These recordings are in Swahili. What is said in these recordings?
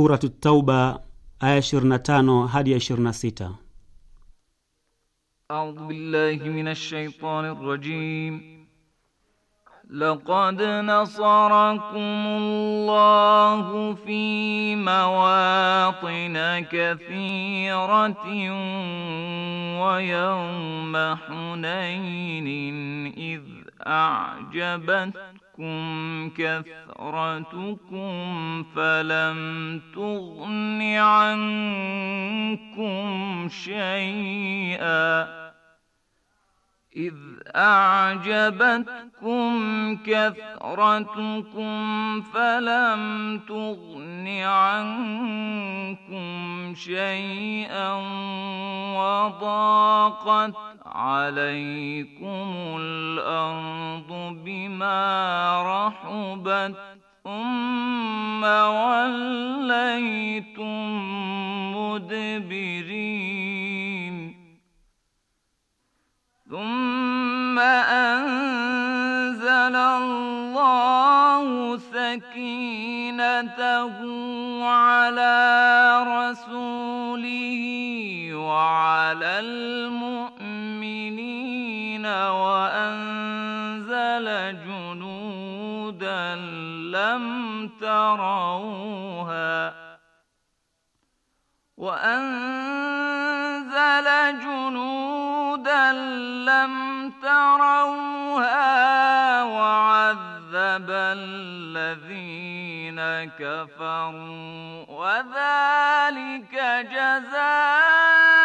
Surat Tauba aya 25 hadi ya 26. أعوذ بالله من الشيطان الرجيم لقد نصركم الله في مواطن كثيرة ويوم حنين إذ أعجبت غرتكم كثرتكم فلم تغن عنكم شيئا إذ أعجبتكم كثرتكم فلم تغن عنكم شيئا وضاقت عليكم الأرض بما رحبت ثم وليتم مدبرين ثم أنزل الله سكينته على رسوله وعلى المؤمنين وأنزل جنودا لم تروها وأنزل أرسل جنودا لم تروها وعذب الذين كفروا وذلك جزاء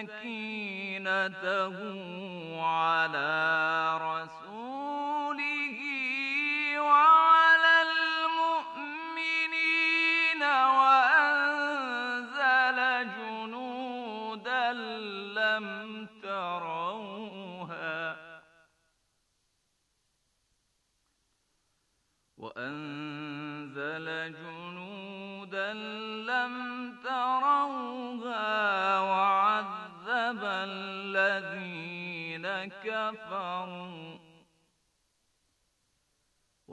سكينته على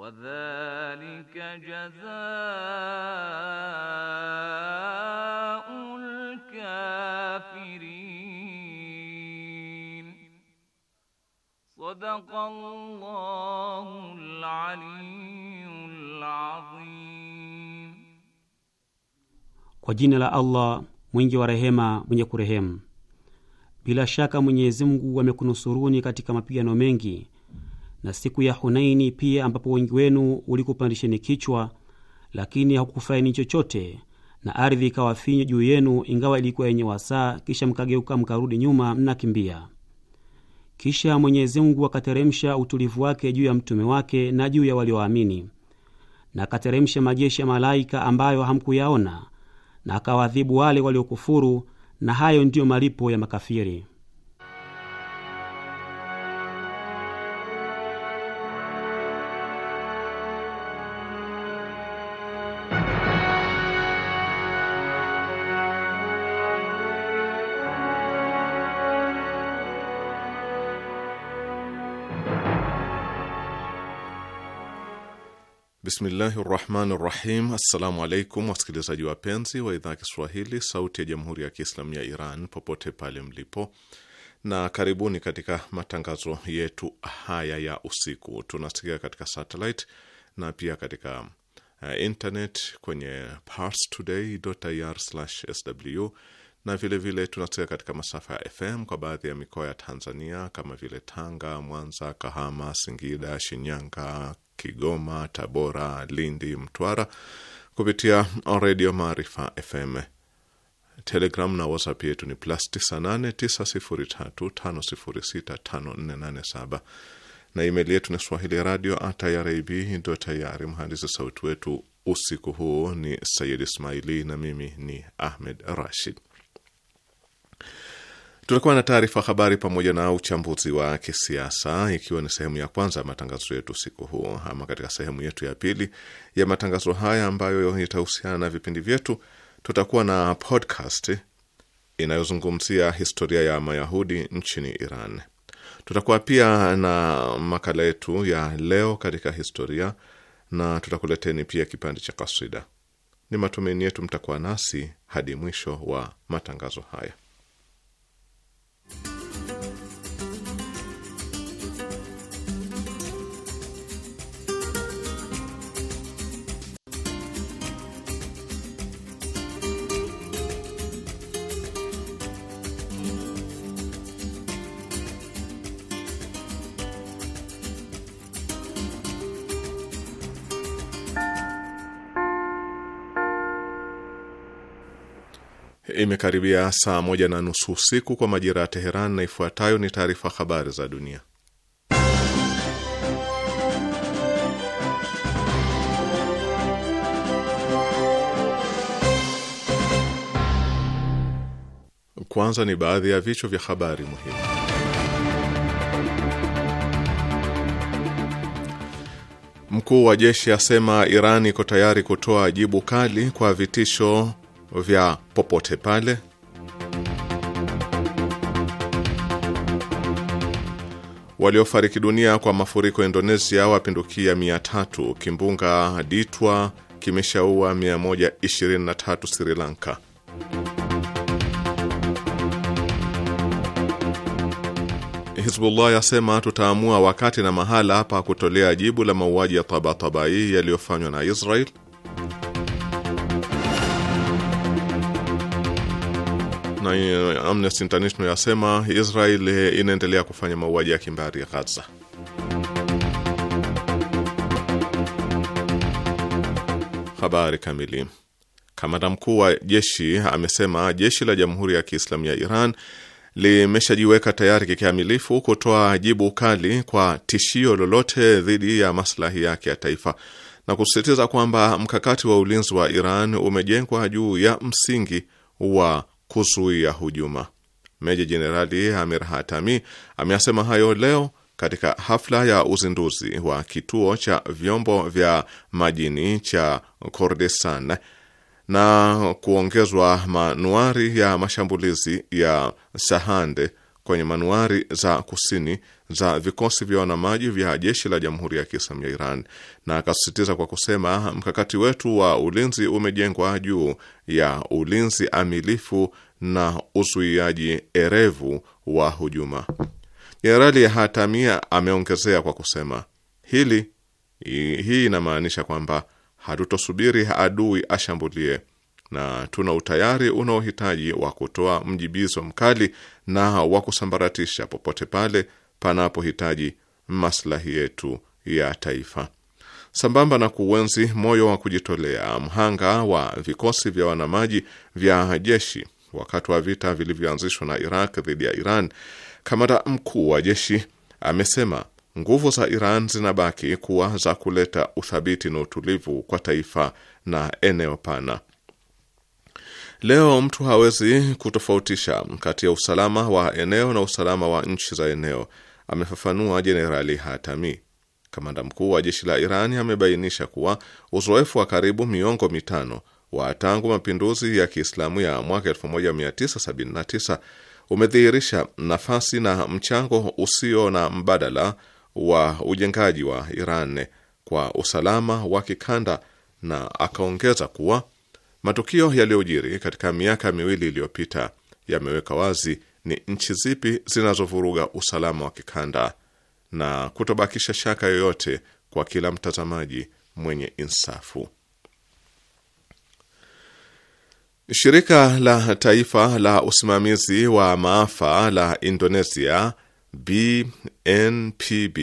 Wadhalika jazaul kafirin. Sadaqallahul aliyyul azim. Kwa jina la Allah mwingi wa rehema, mwenye kurehemu. Bila shaka Mwenyezi Mungu amekunusuruni katika mapigano mengi na siku ya Hunaini pia, ambapo wengi wenu ulikupandisheni kichwa, lakini hakukufaini chochote, na ardhi ikawa finyu juu yenu, ingawa ilikuwa yenye wasaa, kisha mkageuka mkarudi nyuma mnakimbia. Kisha Mwenyezi Mungu akateremsha utulivu wake juu ya mtume wake na juu ya walioamini, na akateremsha majeshi ya malaika ambayo hamkuyaona, na akawaadhibu wale waliokufuru, na hayo ndiyo malipo ya makafiri. Bismillahi rahmani rahim. Assalamu alaikum wasikilizaji wapenzi wa idhaa ya Kiswahili sauti ya jamhuri ya Kiislamu ya Iran popote pale mlipo, na karibuni katika matangazo yetu haya ya usiku. Tunasikia katika satellite na pia katika uh, internet kwenye parstoday.ir/sw na vilevile tunasikia katika masafa ya FM kwa baadhi ya mikoa ya Tanzania kama vile Tanga, Mwanza, Kahama, Singida, Shinyanga, Kigoma, Tabora, Lindi, Mtwara kupitia Redio Maarifa FM. Telegram na WhatsApp yetu ni plus 989035065487 na email yetu ni swahili radio irib tayari. Mhandisi sauti wetu usiku huu ni Sayid Ismaili na mimi ni Ahmed Rashid. Tutakuwa na taarifa habari pamoja na uchambuzi wa kisiasa, ikiwa ni sehemu ya kwanza ya matangazo yetu siku huu. Ama katika sehemu yetu ya pili ya matangazo haya ambayo itahusiana na vipindi vyetu, tutakuwa na podcast inayozungumzia historia ya Mayahudi nchini Iran. Tutakuwa pia na makala yetu ya leo katika historia, na tutakuleteni pia kipande cha kasida. Ni matumaini yetu mtakuwa nasi hadi mwisho wa matangazo haya. Imekaribia saa moja na nusu usiku kwa majira ya Teheran, na ifuatayo ni taarifa habari za dunia. Kwanza ni baadhi ya vichwa vya habari muhimu. Mkuu wa jeshi asema Iran iko tayari kutoa jibu kali kwa vitisho vya popote pale. Waliofariki dunia kwa mafuriko Indonesia wapindukia mia tatu. Kimbunga Ditwa kimeshaua 123 Sri Lanka. Hizbullah yasema tutaamua wakati na mahala pa kutolea jibu la mauaji ya Tabatabai yaliyofanywa na Israel. na eh, Amnesty International yasema Israel eh, inaendelea kufanya mauaji ya kimbari Gaza. Habari kamili. Kamanda mkuu wa jeshi amesema jeshi la Jamhuri ya Kiislamu ya Iran limeshajiweka tayari kikamilifu kutoa jibu kali kwa tishio lolote dhidi ya maslahi yake ya taifa na kusisitiza kwamba mkakati wa ulinzi wa Iran umejengwa juu ya msingi wa kuzuia hujuma. Meja Jenerali Amir Hatami ameyasema hayo leo katika hafla ya uzinduzi wa kituo cha vyombo vya majini cha kordesan na kuongezwa manuari ya mashambulizi ya Sahande kwenye manuari za kusini za vikosi vya wanamaji vya jeshi la Jamhuri ya Kiislamu ya Iran, na akasisitiza kwa kusema, mkakati wetu wa ulinzi umejengwa juu ya ulinzi amilifu na uzuiaji erevu wa hujuma. Jenerali ya Hatamia ameongezea kwa kusema hili, hii inamaanisha kwamba hatutosubiri adui ashambulie na tuna utayari unaohitaji wa kutoa mjibizo mkali na wa kusambaratisha popote pale panapohitaji maslahi yetu ya taifa. Sambamba na kuwenzi moyo wa kujitolea mhanga wa vikosi vya wanamaji vya jeshi wakati wa vita vilivyoanzishwa na Iraq dhidi ya Iran, kamanda mkuu wa jeshi amesema nguvu za Iran zinabaki kuwa za kuleta uthabiti na utulivu kwa taifa na eneo pana. Leo mtu hawezi kutofautisha kati ya usalama wa eneo na usalama wa nchi za eneo, amefafanua Jenerali Hatami. Kamanda mkuu wa jeshi la Irani amebainisha kuwa uzoefu wa karibu miongo mitano wa tangu mapinduzi ya Kiislamu ya mwaka 1979 umedhihirisha nafasi na mchango usio na mbadala wa ujengaji wa Iran kwa usalama wa kikanda, na akaongeza kuwa Matukio yaliyojiri katika miaka miwili iliyopita yameweka wazi ni nchi zipi zinazovuruga usalama wa kikanda na kutobakisha shaka yoyote kwa kila mtazamaji mwenye insafu. Shirika la taifa la usimamizi wa maafa la Indonesia BNPB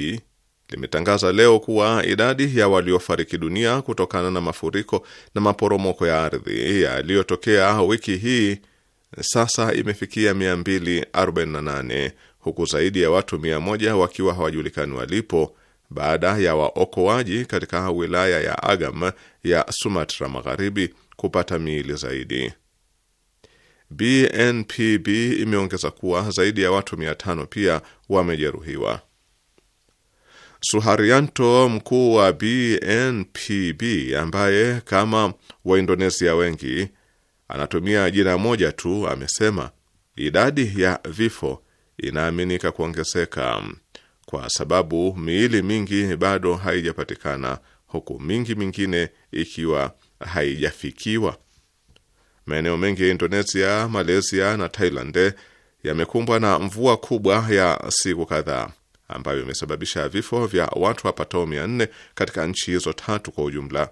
limetangaza leo kuwa idadi ya waliofariki dunia kutokana na mafuriko na maporomoko ya ardhi yaliyotokea wiki hii sasa imefikia 248 huku zaidi ya watu 100 wakiwa hawajulikani walipo baada ya waokoaji katika wilaya ya Agam ya Sumatra Magharibi kupata miili zaidi. BNPB imeongeza kuwa zaidi ya watu 500 pia wamejeruhiwa. Suharyanto, mkuu wa BNPB, ambaye kama Waindonesia wengi anatumia jina moja tu, amesema idadi ya vifo inaaminika kuongezeka kwa sababu miili mingi bado haijapatikana huku mingi mingine ikiwa haijafikiwa. Maeneo mengi ya Indonesia, Malaysia na Thailand yamekumbwa na mvua kubwa ya siku kadhaa ambayo imesababisha vifo vya watu wapatao mia nne katika nchi hizo tatu kwa ujumla.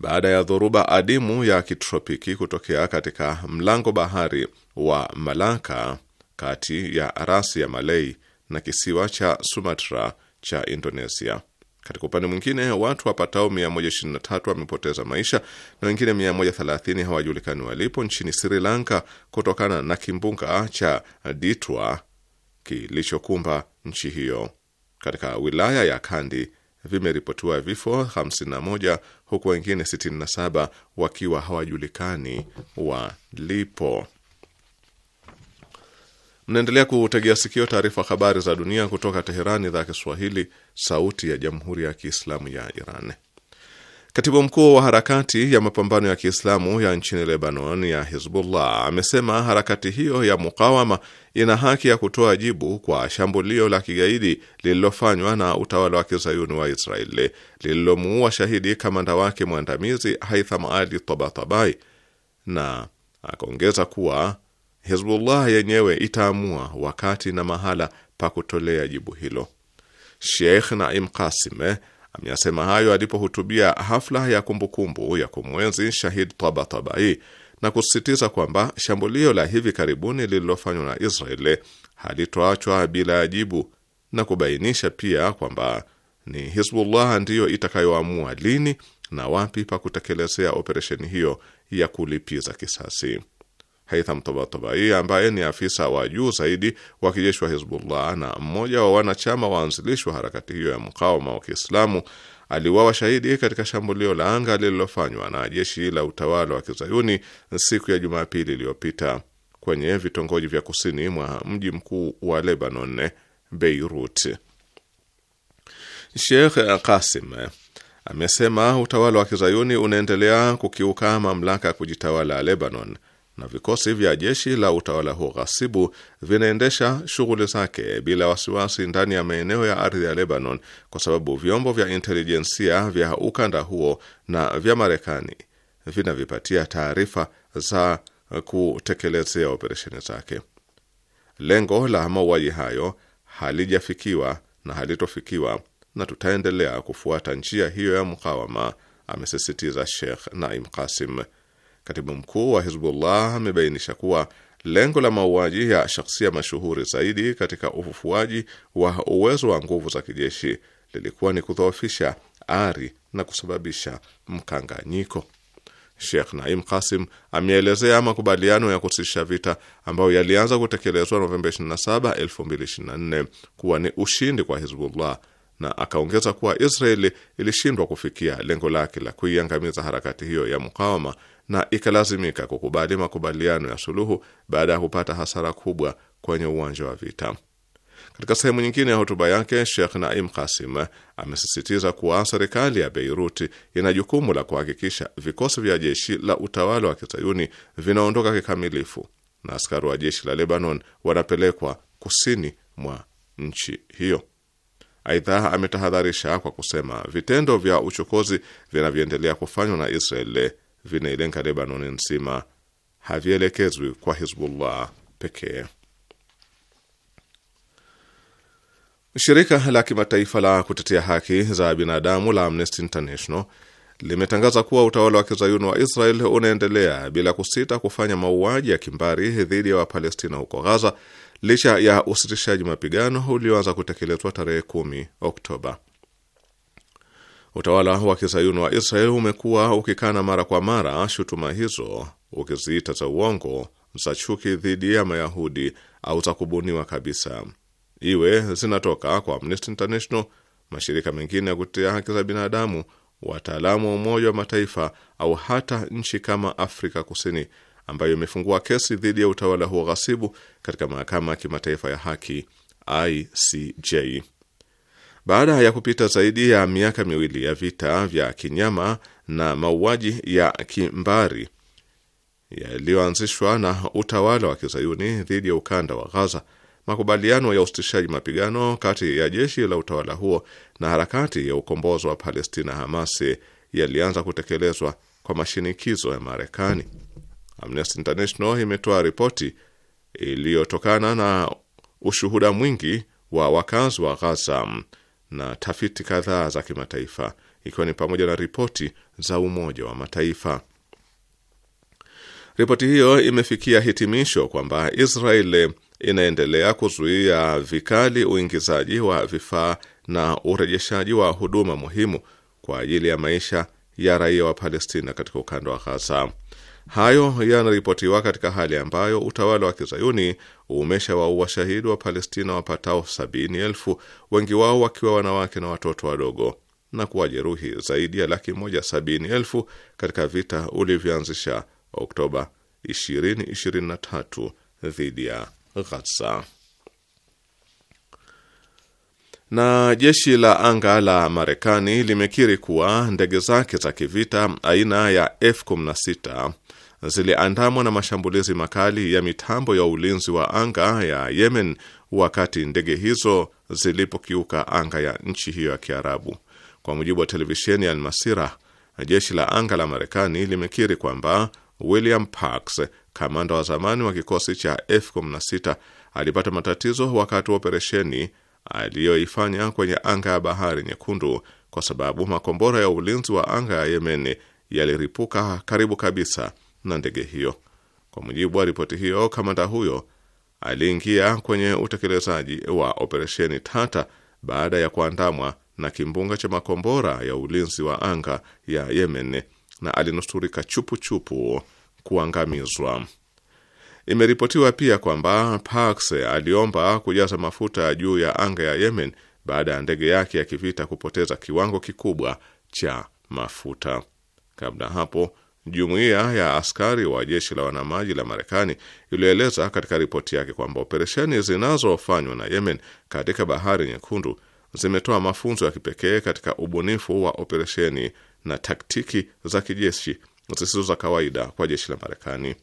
Baada ya dhoruba adimu ya kitropiki kutokea katika mlango bahari wa Malaka kati ya rasi ya Malai na kisiwa cha Sumatra cha Indonesia. Katika upande mwingine, watu wapatao 123 wamepoteza maisha na wengine 130 hawajulikani walipo nchini Sri Lanka kutokana na kimbunga cha Ditwa kilichokumba nchi hiyo. Katika wilaya ya Kandi vimeripotiwa vifo 51 huku wengine 67 wakiwa hawajulikani walipo. Mnaendelea kutegea sikio taarifa habari za dunia kutoka Teherani, idhaa ya Kiswahili, sauti ya jamhuri ya kiislamu ya Iran. Katibu mkuu wa harakati ya mapambano ya Kiislamu ya nchini Lebanon ya Hizbullah amesema harakati hiyo ya mukawama ina haki ya kutoa jibu kwa shambulio la kigaidi lililofanywa na utawala wa kizayuni wa Israeli lililomuua shahidi kamanda wake mwandamizi Haitham Ali Tabatabai, na akaongeza kuwa Hizbullah yenyewe itaamua wakati na mahala pa kutolea jibu hilo. Sheikh Naim Kasime Ameyasema hayo alipohutubia hafla ya kumbukumbu kumbu ya kumwenzi Shahid Tabatabai na kusisitiza kwamba shambulio la hivi karibuni lililofanywa na Israeli halitoachwa bila ajibu na kubainisha pia kwamba ni Hizbullah ndiyo itakayoamua lini na wapi pa kutekelezea operesheni hiyo ya kulipiza kisasi. Haitham Tobatobai ambaye ni afisa wa juu zaidi wa kijeshi wa Hizbullah na mmoja wa wanachama waanzilishi wa harakati hiyo ya mkawama wa Kiislamu aliuawa shahidi katika shambulio la anga lililofanywa na jeshi la utawala wa kizayuni siku ya Jumapili iliyopita kwenye vitongoji vya kusini mwa mji mkuu wa Lebanon, Beirut. Sheikh Qasim amesema utawala wa kizayuni unaendelea kukiuka mamlaka ya kujitawala Lebanon na vikosi vya jeshi la utawala huo ghasibu vinaendesha shughuli zake bila wasiwasi ndani ya maeneo ya ardhi ya Lebanon, kwa sababu vyombo vya intelijensia vya ukanda huo na vya Marekani vinavipatia taarifa za kutekelezea operesheni zake. Lengo la mauaji hayo halijafikiwa na halitofikiwa, na tutaendelea kufuata njia hiyo ya mukawama, amesisitiza Sheikh Naim Qasim. Katibu mkuu wa Hizbullah amebainisha kuwa lengo la mauaji ya shakhsia mashuhuri zaidi katika ufufuaji wa uwezo wa nguvu za kijeshi lilikuwa ni kudhoofisha ari na kusababisha mkanganyiko. Sheikh Naim Kasim ameelezea makubaliano ya kusitisha vita ambayo yalianza kutekelezwa Novemba 27, 2024 kuwa ni ushindi kwa Hizbullah na akaongeza kuwa Israeli ilishindwa kufikia lengo lake la kuiangamiza harakati hiyo ya mukawama na ikalazimika kukubali makubaliano ya suluhu baada ya kupata hasara kubwa kwenye uwanja wa vita. Katika sehemu nyingine ya hotuba yake, Sheikh Naim Kasim amesisitiza kuwa serikali ya Beiruti ina jukumu la kuhakikisha vikosi vya jeshi la utawala wa kizayuni vinaondoka kikamilifu na askari wa jeshi la Lebanon wanapelekwa kusini mwa nchi hiyo. Aidha, ametahadharisha kwa kusema vitendo vya uchokozi vinavyoendelea kufanywa na Israel vinailenga Lebanoni nzima, havielekezwi kwa Hizbullah pekee. Shirika la kimataifa la kutetea haki za binadamu la Amnesty International limetangaza kuwa utawala wa kizayuni wa Israel unaendelea bila kusita kufanya mauaji ya kimbari dhidi ya Wapalestina huko Ghaza licha ya usitishaji mapigano ulioanza kutekelezwa tarehe 10 Oktoba. Utawala wa kizayuni wa Israel umekuwa ukikana mara kwa mara shutuma hizo, ukiziita za uongo, za chuki dhidi ya Mayahudi au za kubuniwa kabisa, iwe zinatoka kwa Amnesty International, mashirika mengine ya kutetea haki za binadamu, wataalamu wa Umoja wa Mataifa au hata nchi kama Afrika Kusini ambayo imefungua kesi dhidi ya utawala huo ghasibu katika mahakama ya kimataifa ya haki ICJ. Baada ya kupita zaidi ya miaka miwili ya vita vya kinyama na mauaji ya kimbari yaliyoanzishwa na utawala wa kizayuni dhidi ya ukanda wa Ghaza, makubaliano ya usitishaji mapigano kati ya jeshi la utawala huo na harakati ya ukombozi wa Palestina Hamasi yalianza kutekelezwa kwa mashinikizo ya Marekani. Amnesty International imetoa ripoti iliyotokana na ushuhuda mwingi wa wakazi wa Ghaza na tafiti kadhaa za kimataifa ikiwa ni pamoja na ripoti za Umoja wa Mataifa. Ripoti hiyo imefikia hitimisho kwamba Israeli inaendelea kuzuia vikali uingizaji wa vifaa na urejeshaji wa huduma muhimu kwa ajili ya maisha ya raia wa Palestina katika ukanda wa Ghaza. Hayo yanaripotiwa katika hali ambayo utawala wa kizayuni umeshawaua shahidi wa Palestina wapatao sabini elfu, wengi wao wakiwa wanawake na watoto wadogo na kuwajeruhi zaidi ya laki moja sabini elfu katika vita ulivyoanzisha Oktoba 2023 dhidi ya Ghaza. Na jeshi la anga la Marekani limekiri kuwa ndege zake za kivita aina ya F-16 ziliandamwa na mashambulizi makali ya mitambo ya ulinzi wa anga ya Yemen wakati ndege hizo zilipokiuka anga ya nchi hiyo ya Kiarabu. Kwa mujibu wa televisheni ya Almasira, jeshi la anga la Marekani limekiri kwamba William Parks, kamanda wa zamani wa kikosi cha F-16, alipata matatizo wakati wa operesheni aliyoifanya kwenye anga ya Bahari Nyekundu kwa sababu makombora ya ulinzi wa anga ya Yemen yaliripuka karibu kabisa na ndege hiyo. Kwa mujibu wa ripoti hiyo, kamanda huyo aliingia kwenye utekelezaji wa operesheni tata baada ya kuandamwa na kimbunga cha makombora ya ulinzi wa anga ya Yemen na alinusurika chupuchupu kuangamizwa. Imeripotiwa pia kwamba Parks aliomba kujaza mafuta juu ya anga ya Yemen baada ya ndege yake ya kivita kupoteza kiwango kikubwa cha mafuta. Kabla hapo Jumuiya ya askari wa jeshi la wanamaji la Marekani ilieleza katika ripoti yake kwamba operesheni zinazofanywa na Yemen katika bahari nyekundu zimetoa mafunzo ya kipekee katika ubunifu wa operesheni na taktiki za kijeshi zisizo za kawaida kwa jeshi la Marekani.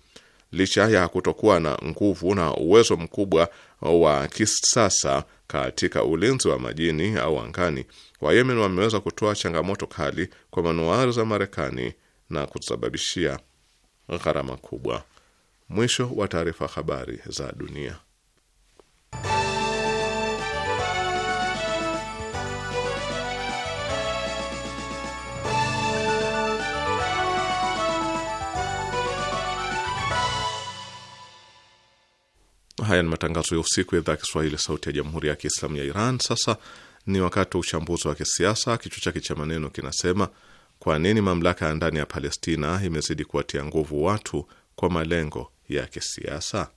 Licha ya kutokuwa na nguvu na uwezo mkubwa wa kisasa katika ulinzi wa majini au angani, Wayemen wameweza kutoa changamoto kali kwa manuari za Marekani na kusababishia gharama kubwa. Mwisho wa taarifa. Habari za dunia. Haya ni matangazo ya usiku ya idhaa ya Kiswahili, sauti ya jamhuri ya kiislamu ya Iran. Sasa ni wakati wa uchambuzi wa kisiasa, kichwa chake cha maneno kinasema kwa nini mamlaka ya ndani ya Palestina imezidi kuwatia nguvu watu kwa malengo ya kisiasa?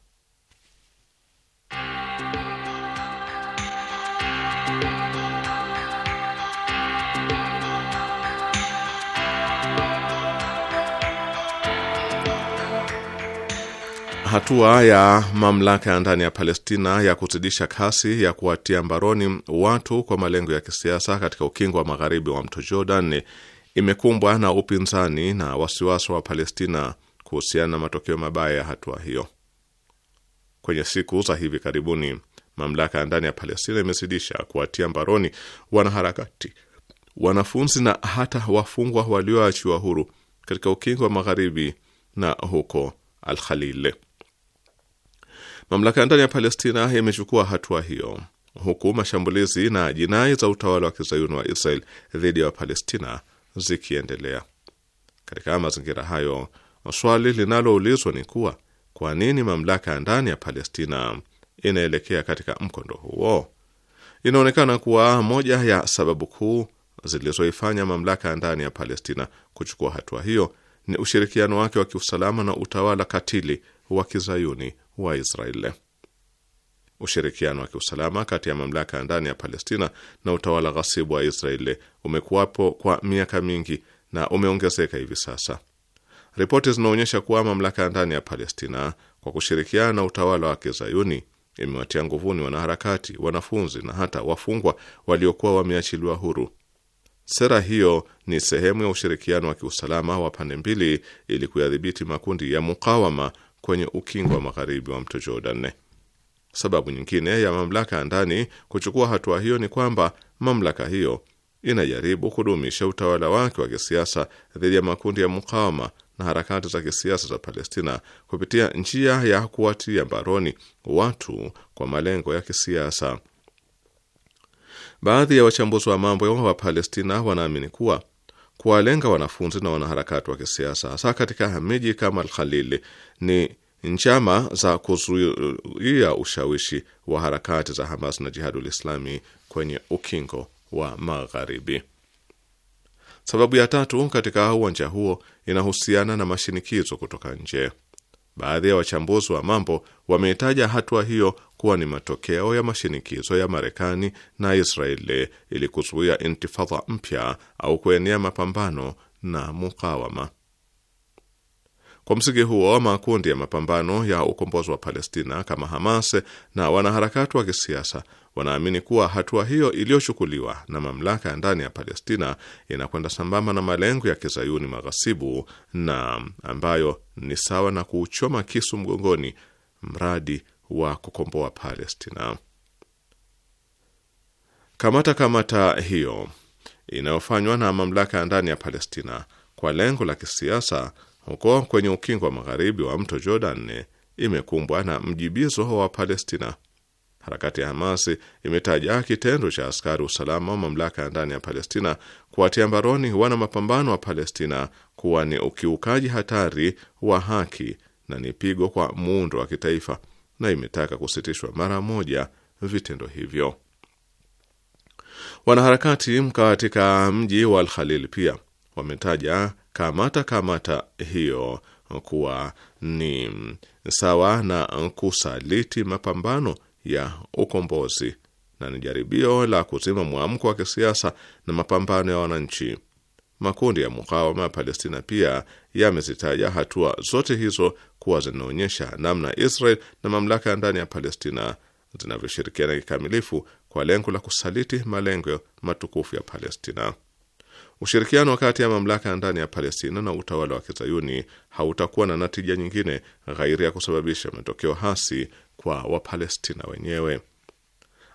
Hatua ya mamlaka ya ndani ya Palestina ya kuzidisha kasi ya kuwatia mbaroni watu kwa malengo ya kisiasa katika ukingo wa magharibi wa mto Jordan imekumbwa na upinzani na wasiwasi wa Palestina kuhusiana na matokeo mabaya ya hatua hiyo. Kwenye siku za hivi karibuni, mamlaka ya ndani ya Palestina imezidisha kuwatia mbaroni wanaharakati, wanafunzi na hata wafungwa walioachiwa huru katika ukingo wa magharibi na huko Al-Khalil. Mamlaka ya ndani ya Palestina imechukua hatua hiyo huku mashambulizi na jinai za utawala wa kizayuni wa Israel dhidi ya Wapalestina zikiendelea. Katika mazingira hayo, swali linaloulizwa ni kuwa kwa nini mamlaka ya ndani ya Palestina inaelekea katika mkondo huo? Inaonekana kuwa moja ya sababu kuu zilizoifanya mamlaka ya ndani ya Palestina kuchukua hatua hiyo ni ushirikiano wake wa kiusalama na utawala katili wa kizayuni wa Israeli. Ushirikiano wa kiusalama kati ya mamlaka ya ndani ya Palestina na utawala ghasibu wa Israeli umekuwapo kwa miaka mingi na umeongezeka hivi sasa. Ripoti zinaonyesha kuwa mamlaka ya ndani ya Palestina kwa kushirikiana na utawala wa kizayuni imewatia nguvuni wanaharakati, wanafunzi na hata wafungwa waliokuwa wameachiliwa huru. Sera hiyo ni sehemu ya ushirikiano wa kiusalama wa pande mbili ili kuyadhibiti makundi ya mukawama kwenye ukingo wa magharibi wa mto Jordan. Sababu nyingine ya mamlaka ya ndani kuchukua hatua hiyo ni kwamba mamlaka hiyo inajaribu kudumisha utawala wake wa kisiasa dhidi ya makundi ya mukawama na harakati za kisiasa za Palestina kupitia njia ya kuwatia mbaroni watu kwa malengo ya kisiasa. Baadhi ya wachambuzi wa mambo ya wa Palestina wanaamini kuwa kuwalenga wanafunzi na wanaharakati wa kisiasa hasa katika miji kama al ni njama za kuzuia ushawishi wa harakati za Hamas na Jihadul Islami kwenye ukingo wa Magharibi. Sababu ya tatu katika uwanja huo inahusiana na mashinikizo kutoka nje. Baadhi ya wachambuzi wa mambo wameitaja hatua hiyo kuwa ni matokeo ya mashinikizo ya Marekani na Israeli ili kuzuia intifadha mpya au kuenea mapambano na mukawama. Kwa msingi huo, makundi ya mapambano ya ukombozi wa Palestina kama Hamas na wanaharakati wa kisiasa wanaamini kuwa hatua hiyo iliyochukuliwa na mamlaka ya ndani ya Palestina inakwenda sambamba na malengo ya kizayuni maghasibu na ambayo ni sawa na kuuchoma kisu mgongoni mradi wa kukomboa Palestina. Kamata kamata hiyo inayofanywa na mamlaka ya ndani ya Palestina kwa lengo la kisiasa huko kwenye ukingo wa magharibi wa mto Jordan imekumbwa na mjibizo wa Palestina. Harakati ya Hamas imetaja kitendo cha askari usalama wa mamlaka ya ndani ya Palestina kuwatia mbaroni wana mapambano wa Palestina kuwa ni ukiukaji hatari wa haki na ni pigo kwa muundo wa kitaifa, na imetaka kusitishwa mara moja vitendo hivyo. Wanaharakati katika mji wa Al-Khalil pia wametaja kamata kamata hiyo kuwa ni sawa na kusaliti mapambano ya ukombozi na ni jaribio la kuzima mwamko wa kisiasa na mapambano ya wananchi. Makundi ya mukawama ya Palestina pia yamezitaja hatua zote hizo kuwa zinaonyesha namna Israel na mamlaka ya ndani ya Palestina zinavyoshirikiana kikamilifu kwa lengo la kusaliti malengo matukufu ya Palestina. Ushirikiano kati ya mamlaka ya ndani ya Palestina na utawala wa kizayuni hautakuwa na natija nyingine ghairi ya kusababisha matokeo hasi kwa Wapalestina wenyewe.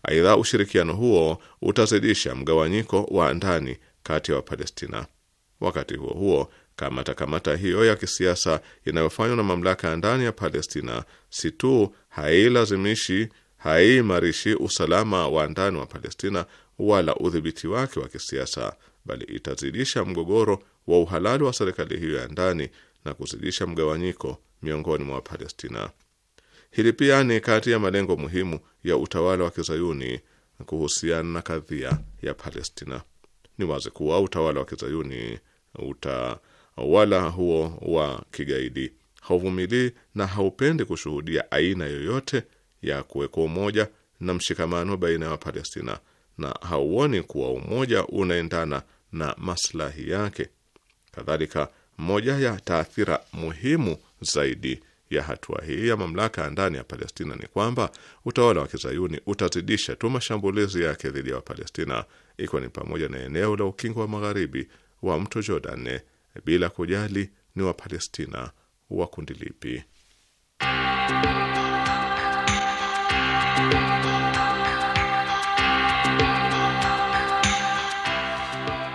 Aidha, ushirikiano huo utazidisha mgawanyiko wa ndani kati ya Wapalestina. Wakati huo huo, kamata kamata hiyo ya kisiasa inayofanywa na mamlaka ya ndani ya Palestina si tu hailazimishi, haiimarishi usalama wa ndani wa Palestina wala udhibiti wake wa kisiasa bali itazidisha mgogoro wa uhalali wa serikali hiyo ya ndani na kuzidisha mgawanyiko miongoni mwa Wapalestina. Hili pia ni kati ya malengo muhimu ya utawala wa kizayuni kuhusiana na kadhia ya Palestina. Ni wazi kuwa utawala wa kizayuni, utawala huo wa kigaidi, hauvumilii na haupendi kushuhudia aina yoyote ya kuwekwa umoja na mshikamano baina ya Wapalestina na hauoni kuwa umoja unaendana na maslahi yake. Kadhalika, moja ya taathira muhimu zaidi ya hatua hii ya mamlaka ya ndani ya Palestina ni kwamba utawala wa kizayuni utazidisha tu mashambulizi yake dhidi ya Wapalestina, ikiwa ni pamoja na eneo la ukingo wa magharibi wa mto Jordan, bila kujali ni Wapalestina wa kundi lipi.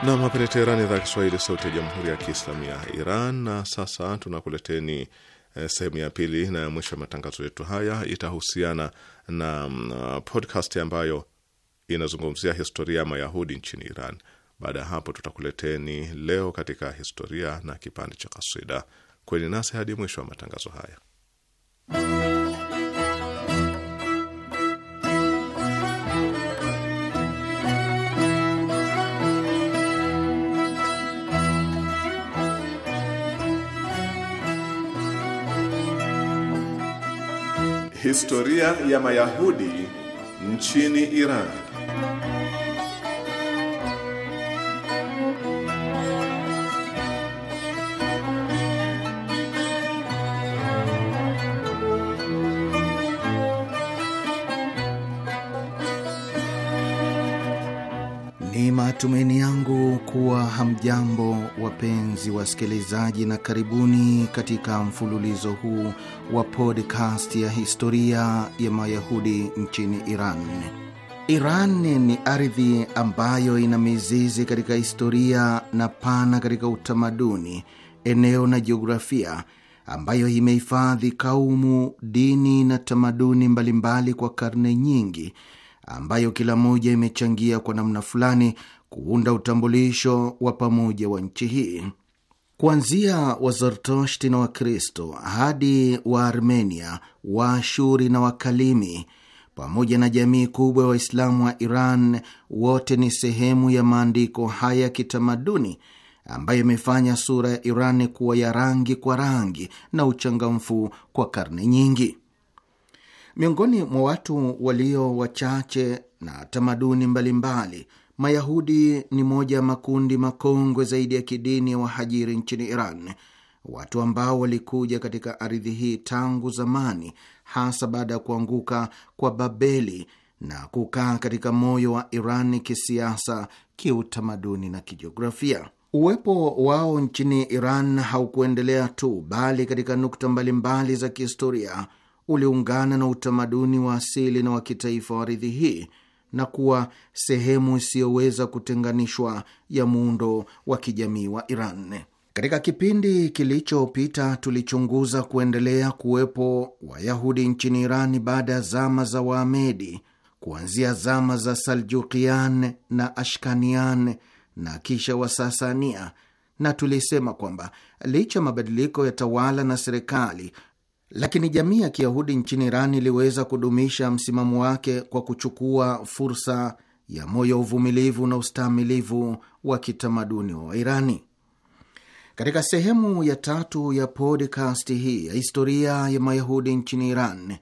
Nam, hapa ni Teherani, idhaa Kiswahili, sauti ya jamhuri ya kiislamu ya Iran. Na sasa tunakuleteni eh, sehemu ya pili na ya mwisho ya matangazo yetu haya. Itahusiana na mm, podcast ambayo inazungumzia historia ya Mayahudi nchini Iran. Baada ya hapo, tutakuleteni leo katika historia na kipande cha kasida. Kweni nasi hadi mwisho wa matangazo haya. Historia ya Mayahudi nchini Iran. Ni matumaini kuwa hamjambo wapenzi wasikilizaji, na karibuni katika mfululizo huu wa podcast ya historia ya Mayahudi nchini Iran. Iran ni ardhi ambayo ina mizizi katika historia na pana katika utamaduni, eneo na jiografia, ambayo imehifadhi kaumu, dini na tamaduni mbalimbali mbali kwa karne nyingi, ambayo kila moja imechangia kwa namna fulani kuunda utambulisho wa pamoja wa nchi hii. Kuanzia wazortoshti na Wakristo hadi Waarmenia, Waashuri na Wakalimi pamoja na jamii kubwa ya Waislamu wa Iran, wote ni sehemu ya maandiko haya ya kitamaduni ambayo imefanya sura ya Iran kuwa ya rangi kwa rangi na uchangamfu kwa karne nyingi. Miongoni mwa watu walio wachache na tamaduni mbalimbali mbali, Mayahudi ni moja ya makundi makongwe zaidi ya kidini ya wahajiri nchini Iran, watu ambao walikuja katika ardhi hii tangu zamani, hasa baada ya kuanguka kwa Babeli na kukaa katika moyo wa Iran kisiasa, kiutamaduni na kijiografia. Uwepo wao nchini Iran haukuendelea tu, bali katika nukta mbalimbali za kihistoria uliungana na utamaduni wa asili na wa kitaifa wa ardhi hii na kuwa sehemu isiyoweza kutenganishwa ya muundo wa kijamii wa Iran. Katika kipindi kilichopita tulichunguza kuendelea kuwepo Wayahudi nchini Iran baada ya zama za Waamedi, kuanzia zama za Saljukian na Ashkanian na kisha Wasasania, na tulisema kwamba licha mabadiliko ya tawala na serikali, lakini jamii ya Kiyahudi nchini Iran iliweza kudumisha msimamo wake kwa kuchukua fursa ya moyo wa uvumilivu na ustahimilivu wa kitamaduni wa irani Katika sehemu ya tatu ya podcast hii ya historia ya Mayahudi nchini Iran,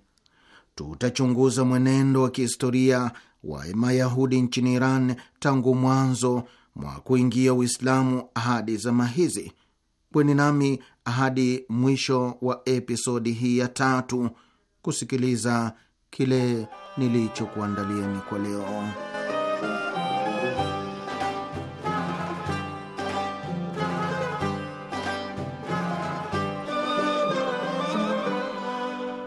tutachunguza mwenendo wa kihistoria wa Mayahudi nchini Iran tangu mwanzo mwa kuingia Uislamu hadi zama hizi kweni nami hadi mwisho wa episodi hii ya tatu kusikiliza kile nilichokuandalieni kwa leo.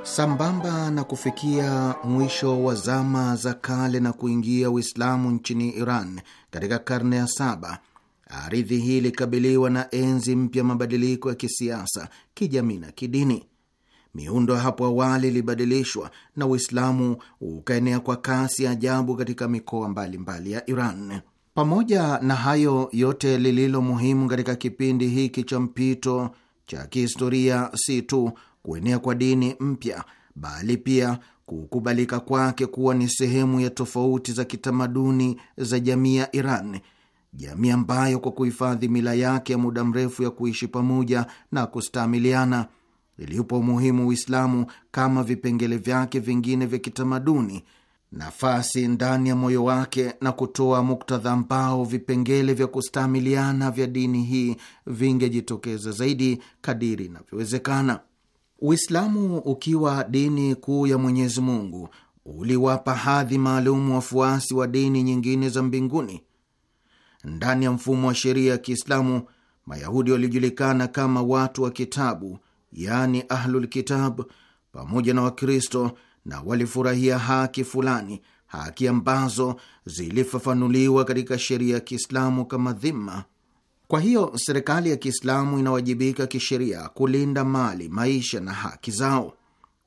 Sambamba na kufikia mwisho wa zama za kale na kuingia Uislamu nchini Iran katika karne ya saba ardhi hii ilikabiliwa na enzi mpya, mabadiliko ya kisiasa, kijamii na kidini. Miundo ya hapo awali ilibadilishwa na Uislamu ukaenea kwa kasi ya ajabu katika mikoa mbalimbali ya Iran. Pamoja na hayo yote, lililo muhimu katika kipindi hiki cha mpito cha kihistoria si tu kuenea kwa dini mpya, bali pia kukubalika kwake kuwa ni sehemu ya tofauti za kitamaduni za jamii ya Iran jamii ambayo kwa kuhifadhi mila yake ya muda mrefu ya kuishi pamoja na kustaamiliana iliupa umuhimu Uislamu kama vipengele vyake vingine vya kitamaduni nafasi ndani ya moyo wake na kutoa muktadha ambao vipengele vya kustaamiliana vya dini hii vingejitokeza zaidi kadiri inavyowezekana. Uislamu ukiwa dini kuu ya Mwenyezi Mungu uliwapa hadhi maalum wafuasi wa dini nyingine za mbinguni ndani ya mfumo wa sheria ya Kiislamu, Mayahudi walijulikana kama watu wa kitabu, yaani Ahlulkitab, pamoja na Wakristo, na walifurahia haki fulani, haki ambazo zilifafanuliwa katika sheria ya Kiislamu kama dhima. Kwa hiyo serikali ya Kiislamu inawajibika kisheria kulinda mali, maisha na haki zao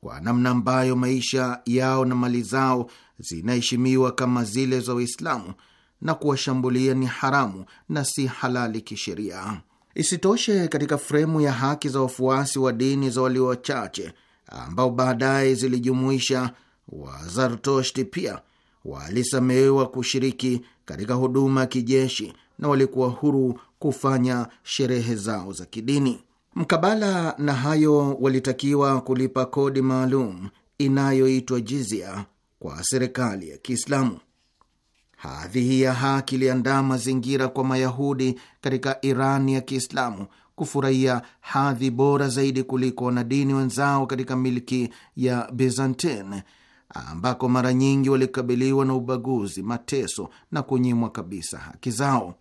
kwa namna ambayo maisha yao na mali zao zinaheshimiwa kama zile za Waislamu na kuwashambulia ni haramu na si halali kisheria. Isitoshe, katika fremu ya haki za wafuasi wa dini za walio wachache ambao baadaye zilijumuisha Wazartoshti, pia walisamehewa kushiriki katika huduma ya kijeshi na walikuwa huru kufanya sherehe zao za kidini. Mkabala na hayo, walitakiwa kulipa kodi maalum inayoitwa jizia kwa serikali ya Kiislamu. Hadhi hii ya haki iliandaa mazingira kwa Mayahudi katika Irani ya Kiislamu kufurahia hadhi bora zaidi kuliko wanadini wenzao katika milki ya Bizantin ambako mara nyingi walikabiliwa na ubaguzi, mateso na kunyimwa kabisa haki zao.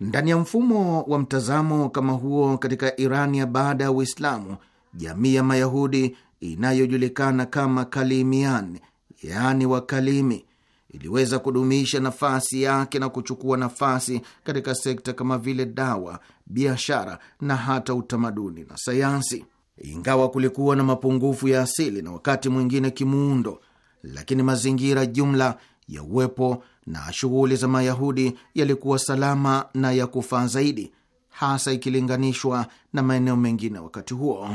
Ndani ya mfumo wa mtazamo kama huo, katika Irani ya baada ya Uislamu, jamii ya Mayahudi inayojulikana kama Kalimian, yaani Wakalimi, iliweza kudumisha nafasi yake na kuchukua nafasi katika sekta kama vile dawa, biashara na hata utamaduni na sayansi. Ingawa kulikuwa na mapungufu ya asili na wakati mwingine kimuundo, lakini mazingira jumla ya uwepo na shughuli za Mayahudi yalikuwa salama na ya kufaa zaidi, hasa ikilinganishwa na maeneo mengine wakati huo.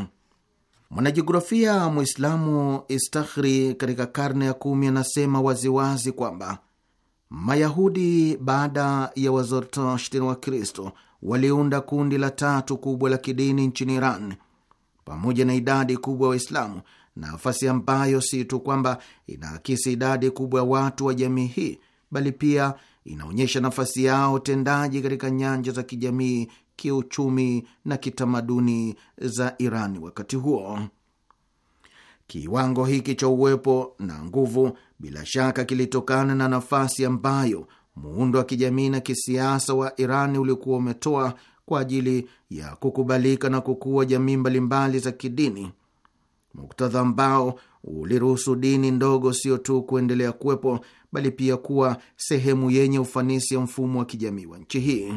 Mwanajiografia Mwislamu Istakhri katika karne ya kumi anasema waziwazi kwamba Mayahudi baada ya Wazoroastri wa Kristo waliunda kundi la tatu kubwa la kidini nchini Iran pamoja na idadi kubwa ya Waislamu, nafasi ambayo si tu kwamba inaakisi idadi kubwa ya watu wa jamii hii, bali pia inaonyesha nafasi yao tendaji katika nyanja za kijamii kiuchumi na kitamaduni za Iran wakati huo. Kiwango hiki cha uwepo na nguvu bila shaka kilitokana na nafasi ambayo muundo wa kijamii na kisiasa wa Iran ulikuwa umetoa kwa ajili ya kukubalika na kukua jamii mbalimbali za kidini, muktadha ambao uliruhusu dini ndogo sio tu kuendelea kuwepo, bali pia kuwa sehemu yenye ufanisi ya mfumo wa kijamii wa nchi hii.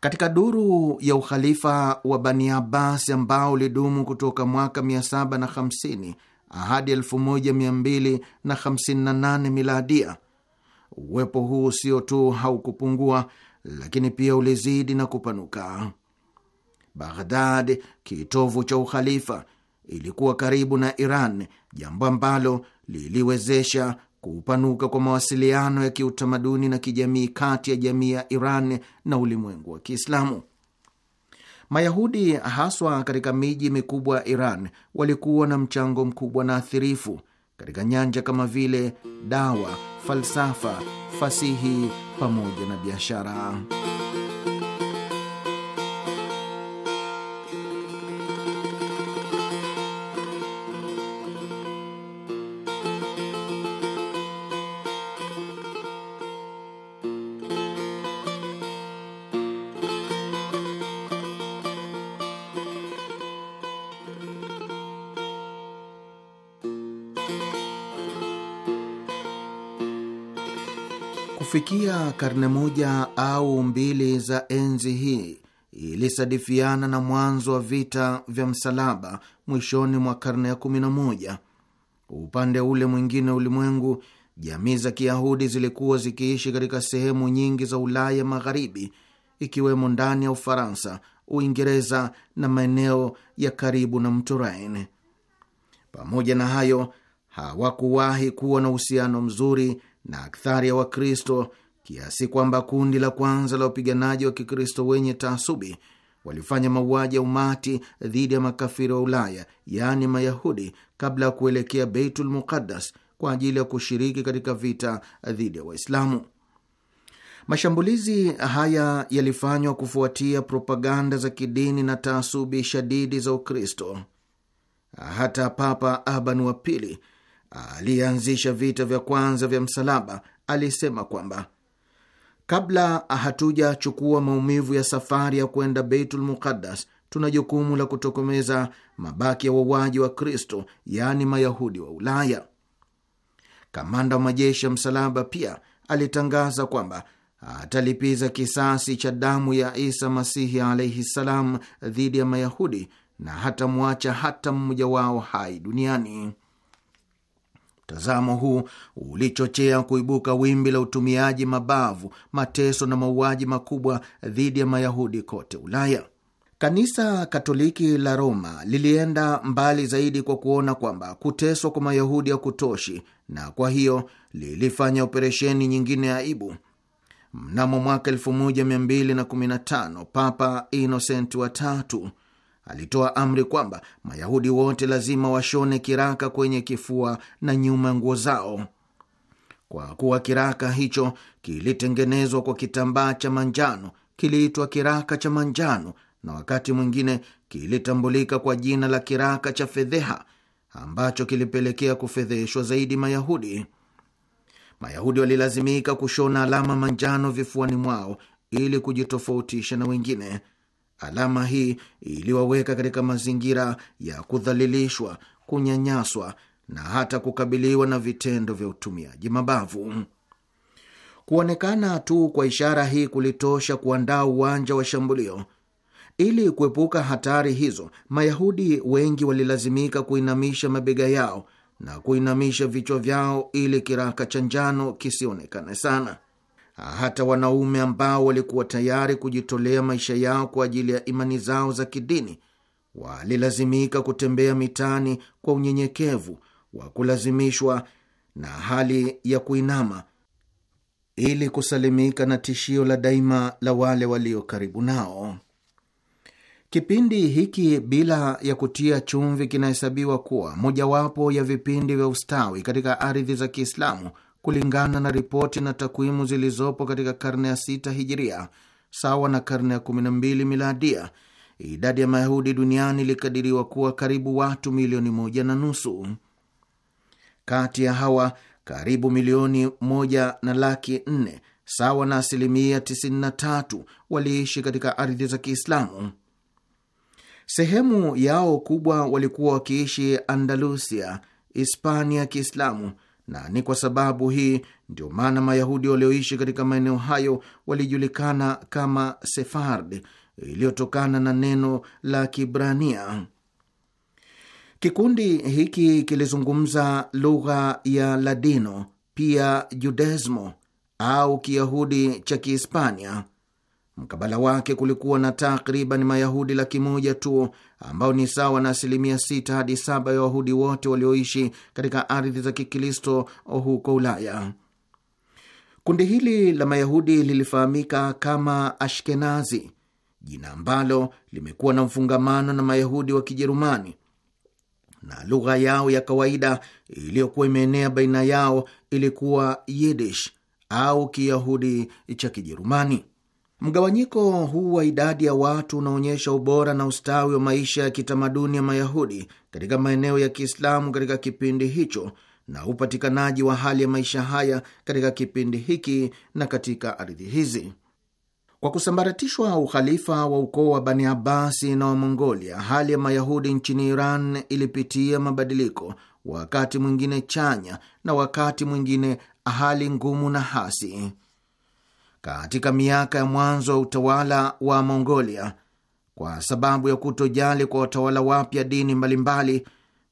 Katika duru ya ukhalifa wa Bani Abbas ambao ulidumu kutoka mwaka 750 hadi 1258 miladia, uwepo huu sio tu haukupungua, lakini pia ulizidi na kupanuka. Baghdad, kitovu cha ukhalifa, ilikuwa karibu na Iran, jambo ambalo liliwezesha kupanuka kwa mawasiliano ya kiutamaduni na kijamii kati ya jamii ya Iran na ulimwengu wa Kiislamu. Mayahudi haswa katika miji mikubwa ya Iran walikuwa na mchango mkubwa na athirifu katika nyanja kama vile dawa, falsafa, fasihi pamoja na biashara. karne moja au mbili za enzi hii ilisadifiana na mwanzo wa vita vya msalaba mwishoni mwa karne ya 11. Upande ule mwingine ulimwengu, jamii za Kiyahudi zilikuwa zikiishi katika sehemu nyingi za Ulaya Magharibi, ikiwemo ndani ya Ufaransa, Uingereza na maeneo ya karibu na mto Rhine. Pamoja na hayo, hawakuwahi kuwa na uhusiano mzuri na akthari ya Wakristo kiasi kwamba kundi la kwanza la wapiganaji wa Kikristo wenye taasubi walifanya mauaji ya umati dhidi ya makafiri wa Ulaya, yaani Mayahudi, kabla ya kuelekea Beitul Muqaddas kwa ajili ya kushiriki katika vita dhidi ya Waislamu. Mashambulizi haya yalifanywa kufuatia propaganda za kidini na taasubi shadidi za Ukristo. Hata Papa Aban wa Pili aliyeanzisha vita vya kwanza vya msalaba alisema kwamba Kabla hatujachukua maumivu ya safari ya kwenda Beitul Muqaddas, tuna jukumu la kutokomeza mabaki ya wauaji wa Kristo, yaani Mayahudi wa Ulaya. Kamanda wa majeshi ya msalaba pia alitangaza kwamba atalipiza kisasi cha damu ya Isa Masihi alaihi ssalam dhidi ya Mayahudi na hatamwacha hata mmoja wao hai duniani. Mtazamo huu ulichochea kuibuka wimbi la utumiaji mabavu, mateso na mauaji makubwa dhidi ya Mayahudi kote Ulaya. Kanisa Katoliki la Roma lilienda mbali zaidi kwa kuona kwamba kuteswa kwa Mayahudi hakutoshi, na kwa hiyo lilifanya operesheni nyingine ya aibu. Mnamo mwaka 1215 Papa Innocent wa tatu alitoa amri kwamba Mayahudi wote lazima washone kiraka kwenye kifua na nyuma nguo zao. Kwa kuwa kiraka hicho kilitengenezwa kwa kitambaa cha manjano, kiliitwa kiraka cha manjano, na wakati mwingine kilitambulika kwa jina la kiraka cha fedheha, ambacho kilipelekea kufedheheshwa zaidi Mayahudi. Mayahudi walilazimika kushona alama manjano vifuani mwao ili kujitofautisha na wengine. Alama hii iliwaweka katika mazingira ya kudhalilishwa, kunyanyaswa na hata kukabiliwa na vitendo vya utumiaji mabavu. Kuonekana tu kwa ishara hii kulitosha kuandaa uwanja wa shambulio. Ili kuepuka hatari hizo, Mayahudi wengi walilazimika kuinamisha mabega yao na kuinamisha vichwa vyao ili kiraka cha njano kisionekane sana hata wanaume ambao walikuwa tayari kujitolea maisha yao kwa ajili ya imani zao za kidini walilazimika kutembea mitaani kwa unyenyekevu wa kulazimishwa na hali ya kuinama ili kusalimika na tishio la daima la wale walio karibu nao. Kipindi hiki bila ya kutia chumvi kinahesabiwa kuwa mojawapo ya vipindi vya ustawi katika ardhi za Kiislamu kulingana na ripoti na takwimu zilizopo katika karne ya sita hijiria sawa na karne ya 12 miladia, idadi ya Mayahudi duniani ilikadiriwa kuwa karibu watu milioni moja na nusu. Kati ya hawa karibu milioni moja na laki nne sawa na asilimia 93 waliishi katika ardhi za Kiislamu. Sehemu yao kubwa walikuwa wakiishi Andalusia, Hispania Kiislamu, na ni kwa sababu hii ndio maana Mayahudi walioishi katika maeneo hayo walijulikana kama Sefard, iliyotokana na neno la Kibrania. Kikundi hiki kilizungumza lugha ya Ladino, pia Judesmo au Kiyahudi cha Kihispania. Mkabala wake kulikuwa na takriban Mayahudi laki moja tu ambao ni sawa na asilimia sita hadi saba ya Wayahudi wote walioishi katika ardhi za Kikristo huko Ulaya. Kundi hili la Mayahudi lilifahamika kama Ashkenazi, jina ambalo limekuwa na mfungamano na Mayahudi wa Kijerumani, na lugha yao ya kawaida iliyokuwa imeenea baina yao ilikuwa Yiddish au Kiyahudi cha Kijerumani. Mgawanyiko huu wa idadi ya watu unaonyesha ubora na ustawi wa maisha ya kitamaduni ya Mayahudi katika maeneo ya Kiislamu katika kipindi hicho na upatikanaji wa hali ya maisha haya katika kipindi hiki na katika ardhi hizi. Kwa kusambaratishwa ukhalifa wa ukoo wa Bani Abasi na Wamongolia, hali ya Mayahudi nchini Iran ilipitia mabadiliko, wakati mwingine chanya na wakati mwingine hali ngumu na hasi katika miaka ya mwanzo wa utawala wa Mongolia, kwa sababu ya kutojali kwa watawala wapya dini mbalimbali,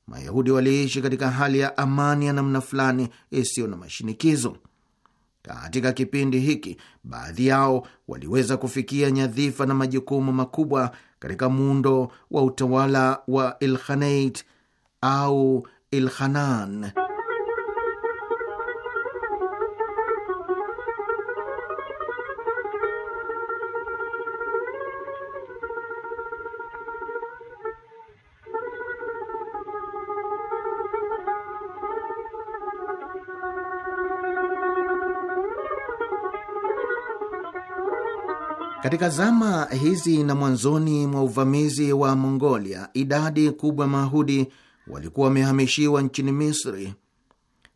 Mayahudi waliishi katika hali ya amani ya namna fulani isiyo na mashinikizo. Katika kipindi hiki, baadhi yao waliweza kufikia nyadhifa na majukumu makubwa katika muundo wa utawala wa Ilkhanate au ilhanan Katika zama hizi na mwanzoni mwa uvamizi wa Mongolia, idadi kubwa Mahudi walikuwa wamehamishiwa nchini Misri.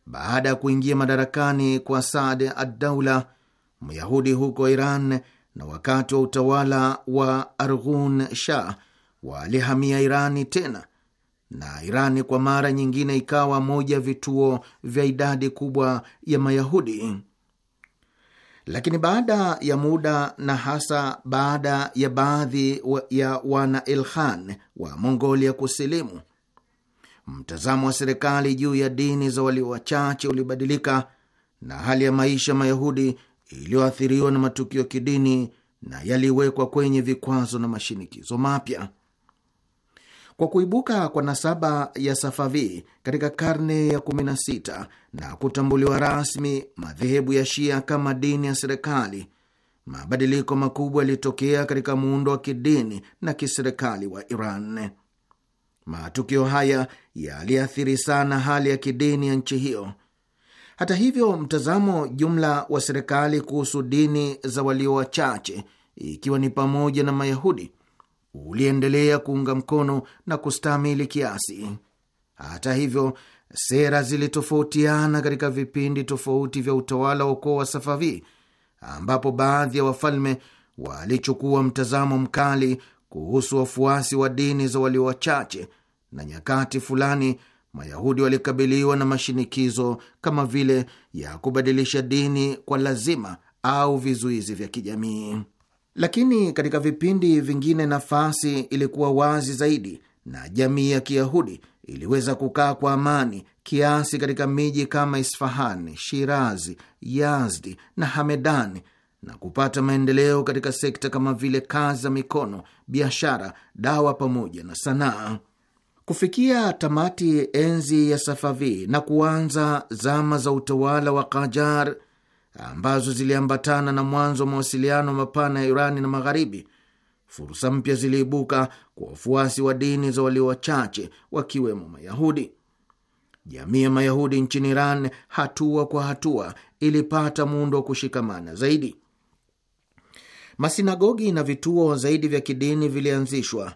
Baada ya kuingia madarakani kwa Saad Addaula Myahudi huko Iran na wakati wa utawala wa Arghun Shah walihamia Irani tena, na Irani kwa mara nyingine ikawa moja ya vituo vya idadi kubwa ya Mayahudi. Lakini baada ya muda na hasa baada ya baadhi wa ya wana Ilkhan wa Mongolia kusilimu, mtazamo wa serikali juu ya dini za walio wachache ulibadilika na hali ya maisha Mayahudi iliyoathiriwa na matukio kidini na yaliwekwa kwenye vikwazo na mashinikizo mapya. Kwa kuibuka kwa nasaba ya Safavi katika karne ya 16 na kutambuliwa rasmi madhehebu ya Shia kama dini ya serikali, mabadiliko makubwa yalitokea katika muundo wa kidini na kiserikali wa Iran. Matukio haya yaliathiri sana hali ya kidini ya nchi hiyo. Hata hivyo, mtazamo jumla wa serikali kuhusu dini za walio wachache, ikiwa ni pamoja na Mayahudi, uliendelea kuunga mkono na kustamili kiasi. Hata hivyo, sera zilitofautiana katika vipindi tofauti vya utawala wa ukoo wa Safavi, ambapo baadhi ya wafalme walichukua mtazamo mkali kuhusu wafuasi wa dini za walio wachache, na nyakati fulani Mayahudi walikabiliwa na mashinikizo kama vile ya kubadilisha dini kwa lazima au vizuizi vya kijamii lakini katika vipindi vingine nafasi ilikuwa wazi zaidi na jamii ya Kiyahudi iliweza kukaa kwa amani kiasi katika miji kama Isfahani, Shirazi, Yazdi na Hamedani na kupata maendeleo katika sekta kama vile kazi za mikono, biashara, dawa pamoja na sanaa. Kufikia tamati enzi ya Safavi na kuanza zama za utawala wa Kajar ambazo ziliambatana na mwanzo wa mawasiliano mapana ya Irani na Magharibi, fursa mpya ziliibuka kwa wafuasi wa dini za walio wachache wakiwemo Mayahudi. Jamii ya Mayahudi nchini Iran hatua kwa hatua ilipata muundo wa kushikamana zaidi. Masinagogi na vituo zaidi vya kidini vilianzishwa,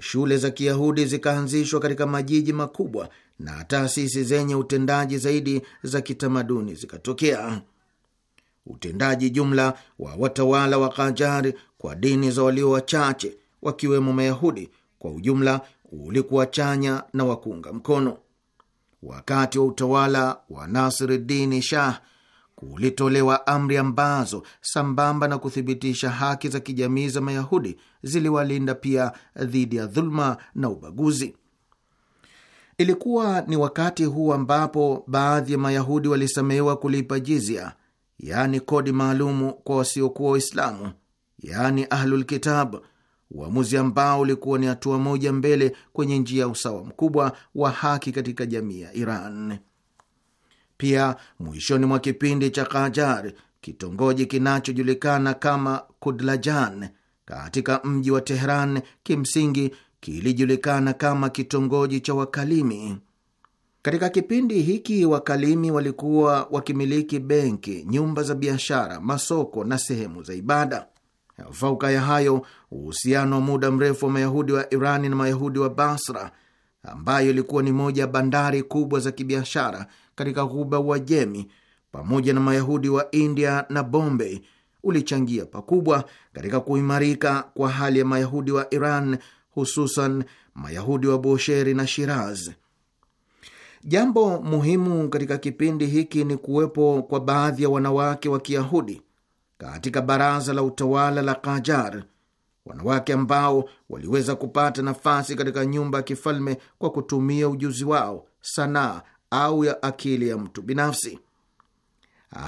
shule za Kiyahudi zikaanzishwa katika majiji makubwa, na taasisi zenye utendaji zaidi za kitamaduni zikatokea utendaji jumla wa watawala wa kajari kwa dini za walio wachache wakiwemo Mayahudi kwa ujumla ulikuwa chanya na wakuunga mkono. Wakati wa utawala wa Nasiruddin Shah kulitolewa amri ambazo sambamba na kuthibitisha haki za kijamii za Mayahudi ziliwalinda pia dhidi ya dhuluma na ubaguzi. Ilikuwa ni wakati huu ambapo baadhi ya Mayahudi walisamehewa kulipa jizia yaani kodi maalumu kwa wasiokuwa Waislamu, yaani Ahlulkitab, uamuzi ambao ulikuwa ni hatua moja mbele kwenye njia ya usawa mkubwa wa haki katika jamii ya Iran. Pia mwishoni mwa kipindi cha Kajar, kitongoji kinachojulikana kama Kudlajan katika mji wa Tehran kimsingi kilijulikana kama kitongoji cha Wakalimi. Katika kipindi hiki wakalimi walikuwa wakimiliki benki, nyumba za biashara, masoko na sehemu za ibada. Fauka ya hayo, uhusiano wa muda mrefu wa Mayahudi wa Irani na Mayahudi wa Basra, ambayo ilikuwa ni moja ya bandari kubwa za kibiashara katika ghuba Uajemi, pamoja na Mayahudi wa India na Bombay, ulichangia pakubwa katika kuimarika kwa hali ya Mayahudi wa Iran, hususan Mayahudi wa Bosheri na Shiraz. Jambo muhimu katika kipindi hiki ni kuwepo kwa baadhi ya wanawake wa Kiyahudi katika baraza la utawala la Kajar, wanawake ambao waliweza kupata nafasi katika nyumba ya kifalme kwa kutumia ujuzi wao, sanaa au ya akili ya mtu binafsi.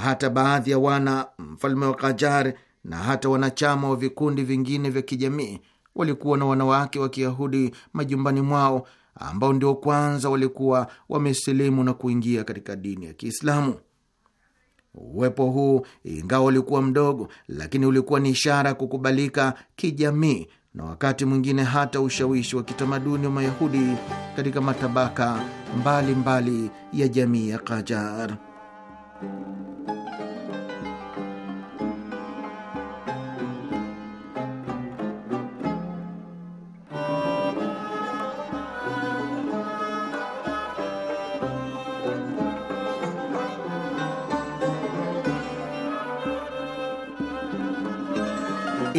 Hata baadhi ya wana mfalme wa Kajar na hata wanachama wa vikundi vingine vya kijamii walikuwa na wanawake wa Kiyahudi majumbani mwao ambao ndio kwanza walikuwa wamesilimu na kuingia katika dini ya Kiislamu. Uwepo huu ingawa ulikuwa mdogo, lakini ulikuwa ni ishara ya kukubalika kijamii na wakati mwingine hata ushawishi wa kitamaduni wa Mayahudi katika matabaka mbalimbali mbali ya jamii ya Kajar.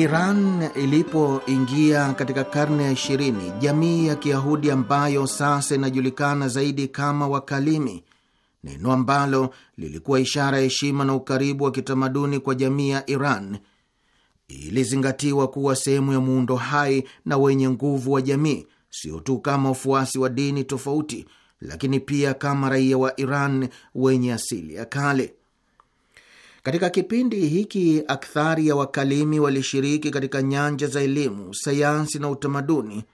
Iran ilipoingia katika karne ya ishirini, jamii ya Kiyahudi ambayo sasa inajulikana zaidi kama Wakalimi, neno ambalo lilikuwa ishara ya heshima na ukaribu wa kitamaduni kwa jamii ya Iran, ilizingatiwa kuwa sehemu ya muundo hai na wenye nguvu wa jamii, sio tu kama wafuasi wa dini tofauti, lakini pia kama raia wa Iran wenye asili ya kale. Katika kipindi hiki akthari ya wakalimi walishiriki katika nyanja za elimu, sayansi na utamaduni.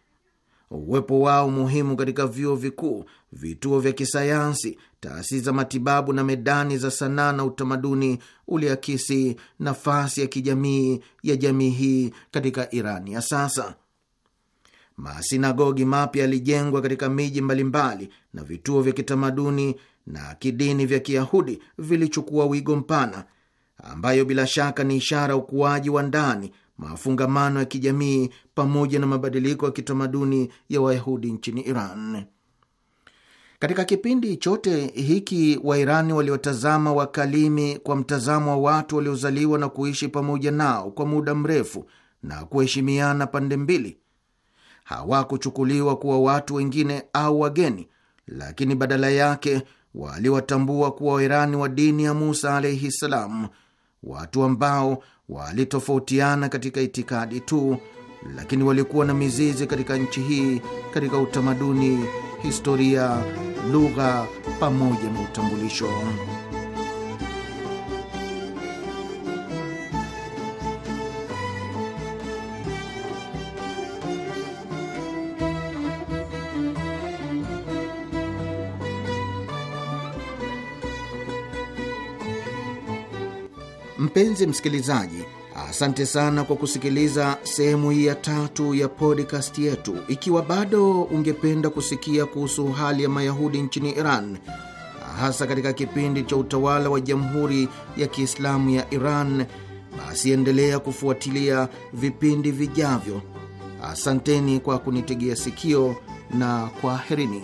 Uwepo wao muhimu katika vyuo vikuu, vituo vya kisayansi, taasisi za matibabu na medani za sanaa na utamaduni uliakisi nafasi ya kijamii ya jamii hii katika Irani ya sasa. Masinagogi mapya yalijengwa katika miji mbalimbali na vituo vya kitamaduni na kidini vya Kiyahudi vilichukua wigo mpana ambayo bila shaka ni ishara ya ukuaji wa ndani, mafungamano ya kijamii, pamoja na mabadiliko ya kitamaduni ya Wayahudi nchini Iran. Katika kipindi chote hiki Wairani waliotazama wakalimi kwa mtazamo wa watu waliozaliwa na kuishi pamoja nao kwa muda mrefu na kuheshimiana pande mbili, hawakuchukuliwa kuwa watu wengine au wageni, lakini badala yake waliwatambua kuwa Wairani wa dini ya Musa alaihi ssalam, watu ambao walitofautiana katika itikadi tu, lakini walikuwa na mizizi katika nchi hii, katika utamaduni, historia, lugha pamoja na utambulisho. msikilizaji, asante sana kwa kusikiliza sehemu hii ya tatu ya podcast yetu. Ikiwa bado ungependa kusikia kuhusu hali ya Mayahudi nchini Iran, hasa katika kipindi cha utawala wa Jamhuri ya Kiislamu ya Iran, basi endelea kufuatilia vipindi vijavyo. Asanteni kwa kunitegea sikio na kwaherini.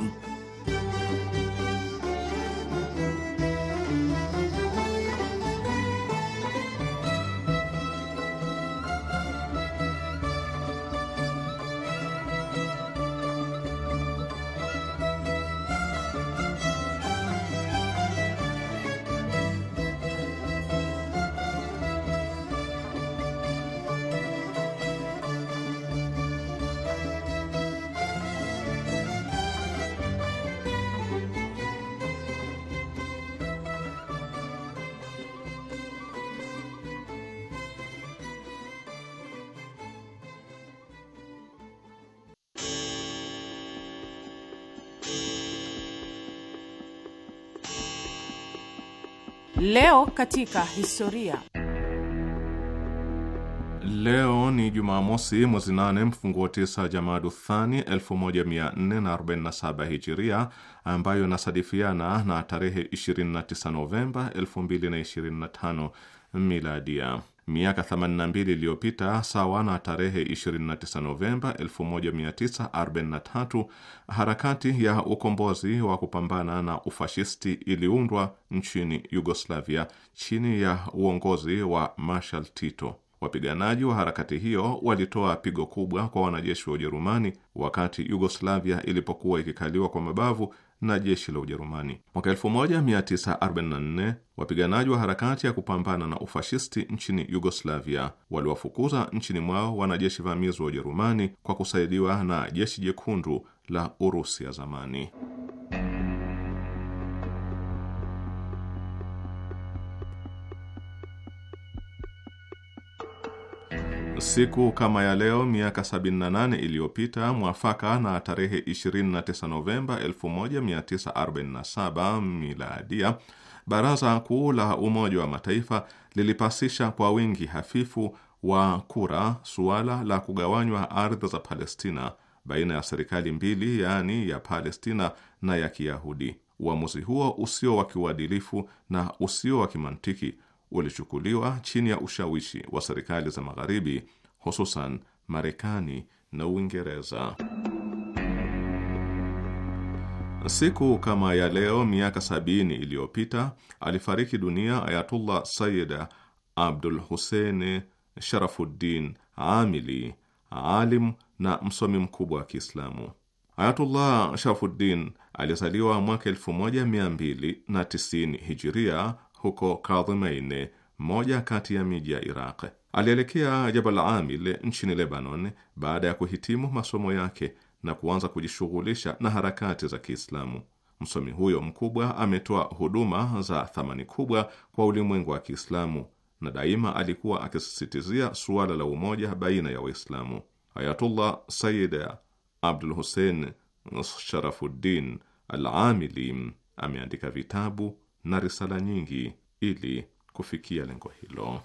katika historia. Leo ni Jumamosi, mwezi nane mfunguo tisa Jamadu Thani 1447 Hijiria, ambayo inasadifiana na tarehe 29 Novemba 2025 Miladia miaka 82 iliyopita, sawa na tarehe 29 Novemba 1943, harakati ya ukombozi wa kupambana na ufashisti iliundwa nchini Yugoslavia chini ya uongozi wa Marshal Tito. Wapiganaji wa harakati hiyo walitoa pigo kubwa kwa wanajeshi wa Ujerumani wakati Yugoslavia ilipokuwa ikikaliwa kwa mabavu na jeshi la Ujerumani. Mwaka 1944 wapiganaji wa harakati ya kupambana na ufashisti nchini Yugoslavia waliwafukuza nchini mwao wanajeshi vamizi wa Ujerumani kwa kusaidiwa na jeshi jekundu la Urusi ya zamani. Siku kama ya leo miaka 78 iliyopita mwafaka na tarehe 29 Novemba 1947 miladia, Baraza Kuu la Umoja wa Mataifa lilipasisha kwa wingi hafifu wa kura suala la kugawanywa ardhi za Palestina baina ya serikali mbili, yaani ya Palestina na ya Kiyahudi. Uamuzi huo usio wa kiuadilifu na usio wa kimantiki ulichukuliwa chini ya ushawishi wa serikali za Magharibi, hususan Marekani na Uingereza. Siku kama ya leo miaka sabini iliyopita alifariki dunia Ayatullah Sayyid Abdul Hussein Sharafuddin Amili, alim na msomi mkubwa wa Kiislamu. Ayatullah Sharafuddin alizaliwa mwaka 1290 Hijiria huko Kadhimain, moja kati ya miji ya Iraq. Alielekea Jabal Amil nchini Lebanon baada ya kuhitimu masomo yake na kuanza kujishughulisha na harakati za Kiislamu. Msomi huyo mkubwa ametoa huduma za thamani kubwa kwa ulimwengu wa Kiislamu na daima alikuwa akisisitizia suala la umoja baina ya Waislamu. Ayatullah Sayyid Abdul Hussein Sharafuddin Al Amili ameandika vitabu na risala nyingi ili kufikia lengo hilo.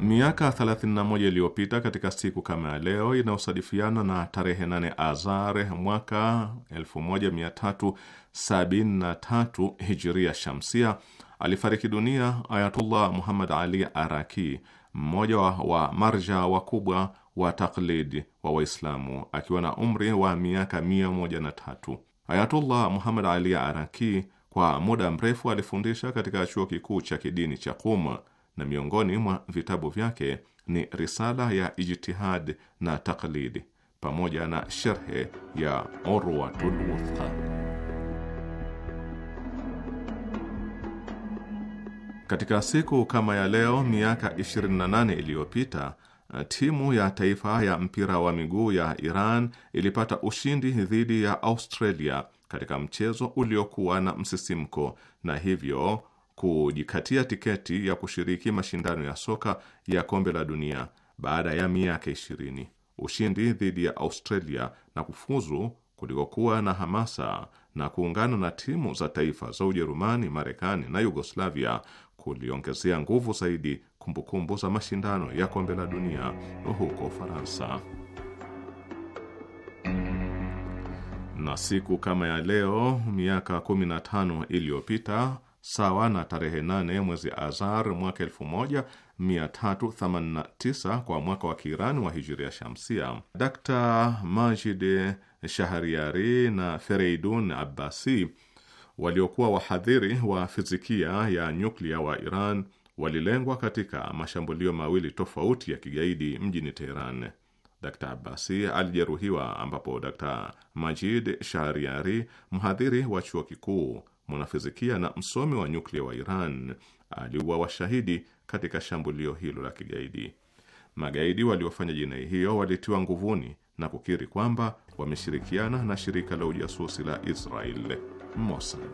Miaka 31 iliyopita katika siku kama ya leo inayosadifiana na tarehe 8 Azar mwaka 1373 Hijiria Shamsia, alifariki dunia Ayatullah Muhammad Ali Araki, mmoja wa, wa marja wakubwa wa taklidi wa Waislamu akiwa na umri wa miaka 103. Ayatullah Muhammad Ali Araki kwa muda mrefu alifundisha katika chuo kikuu cha kidini cha Qum na miongoni mwa vitabu vyake ni risala ya Ijtihad na Taqlid pamoja na sherhe ya Urwatul Wuthqa. Katika siku kama ya leo miaka 28 iliyopita Uh, timu ya taifa ya mpira wa miguu ya Iran ilipata ushindi dhidi ya Australia katika mchezo uliokuwa na msisimko na hivyo kujikatia tiketi ya kushiriki mashindano ya soka ya kombe la dunia baada ya miaka ishirini. Ushindi dhidi ya Australia na kufuzu kulikokuwa na hamasa na kuungana na timu za taifa za Ujerumani, Marekani na Yugoslavia kuliongezea nguvu zaidi kumbukumbu za mashindano ya kombe la dunia huko Ufaransa. Na siku kama ya leo miaka 15 iliyopita sawa na tarehe 8 mwezi Azar mwaka 1389 kwa mwaka wa Kiirani wa hijiria shamsia, Dkt. Majid Shahriari na Fereidun Abbasi waliokuwa wahadhiri wa fizikia ya nyuklia wa Iran walilengwa katika mashambulio mawili tofauti ya kigaidi mjini Teheran. d Abasi alijeruhiwa, ambapo d Majid Shahriari, mhadhiri wa chuo kikuu, mwanafizikia na msomi wa nyuklia wa Iran, aliuwa washahidi katika shambulio hilo la kigaidi. Magaidi waliofanya jinai hiyo walitiwa nguvuni na kukiri kwamba wameshirikiana na shirika la ujasusi la Israel, Mossad.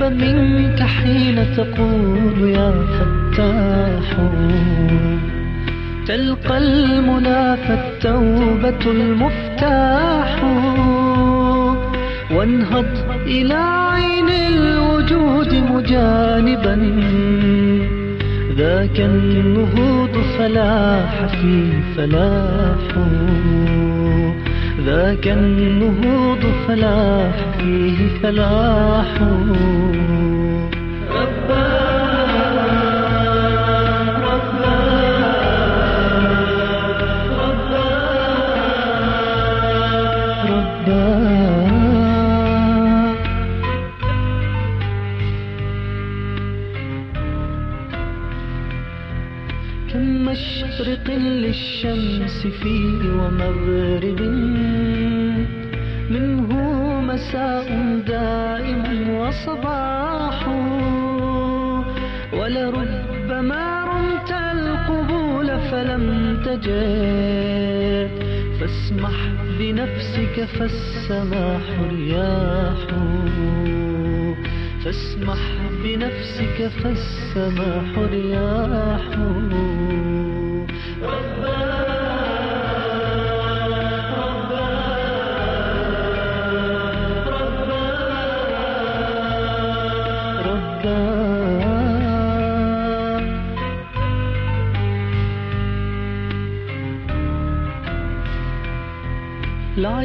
طيبة منك حين تقول يا فتاح تلقى المنى فالتوبة المفتاح وانهض إلى عين الوجود مجانبا ذاك النهوض فلاح في فلاح ذاك النهوض فلاح فيه فلاح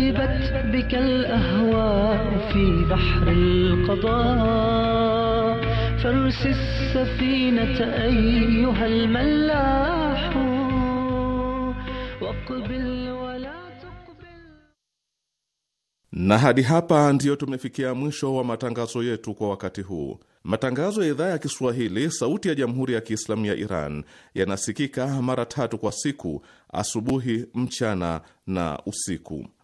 غربت بك الأهواء في بحر القضاء فارس السفينة أيها الملاح واقبل Na hadi hapa ndiyo tumefikia mwisho wa matangazo yetu kwa wakati huu. Matangazo ya idhaa ya Kiswahili sauti ya Jamhuri ya Kiislamu ya Iran yanasikika mara tatu kwa siku: asubuhi, mchana na usiku.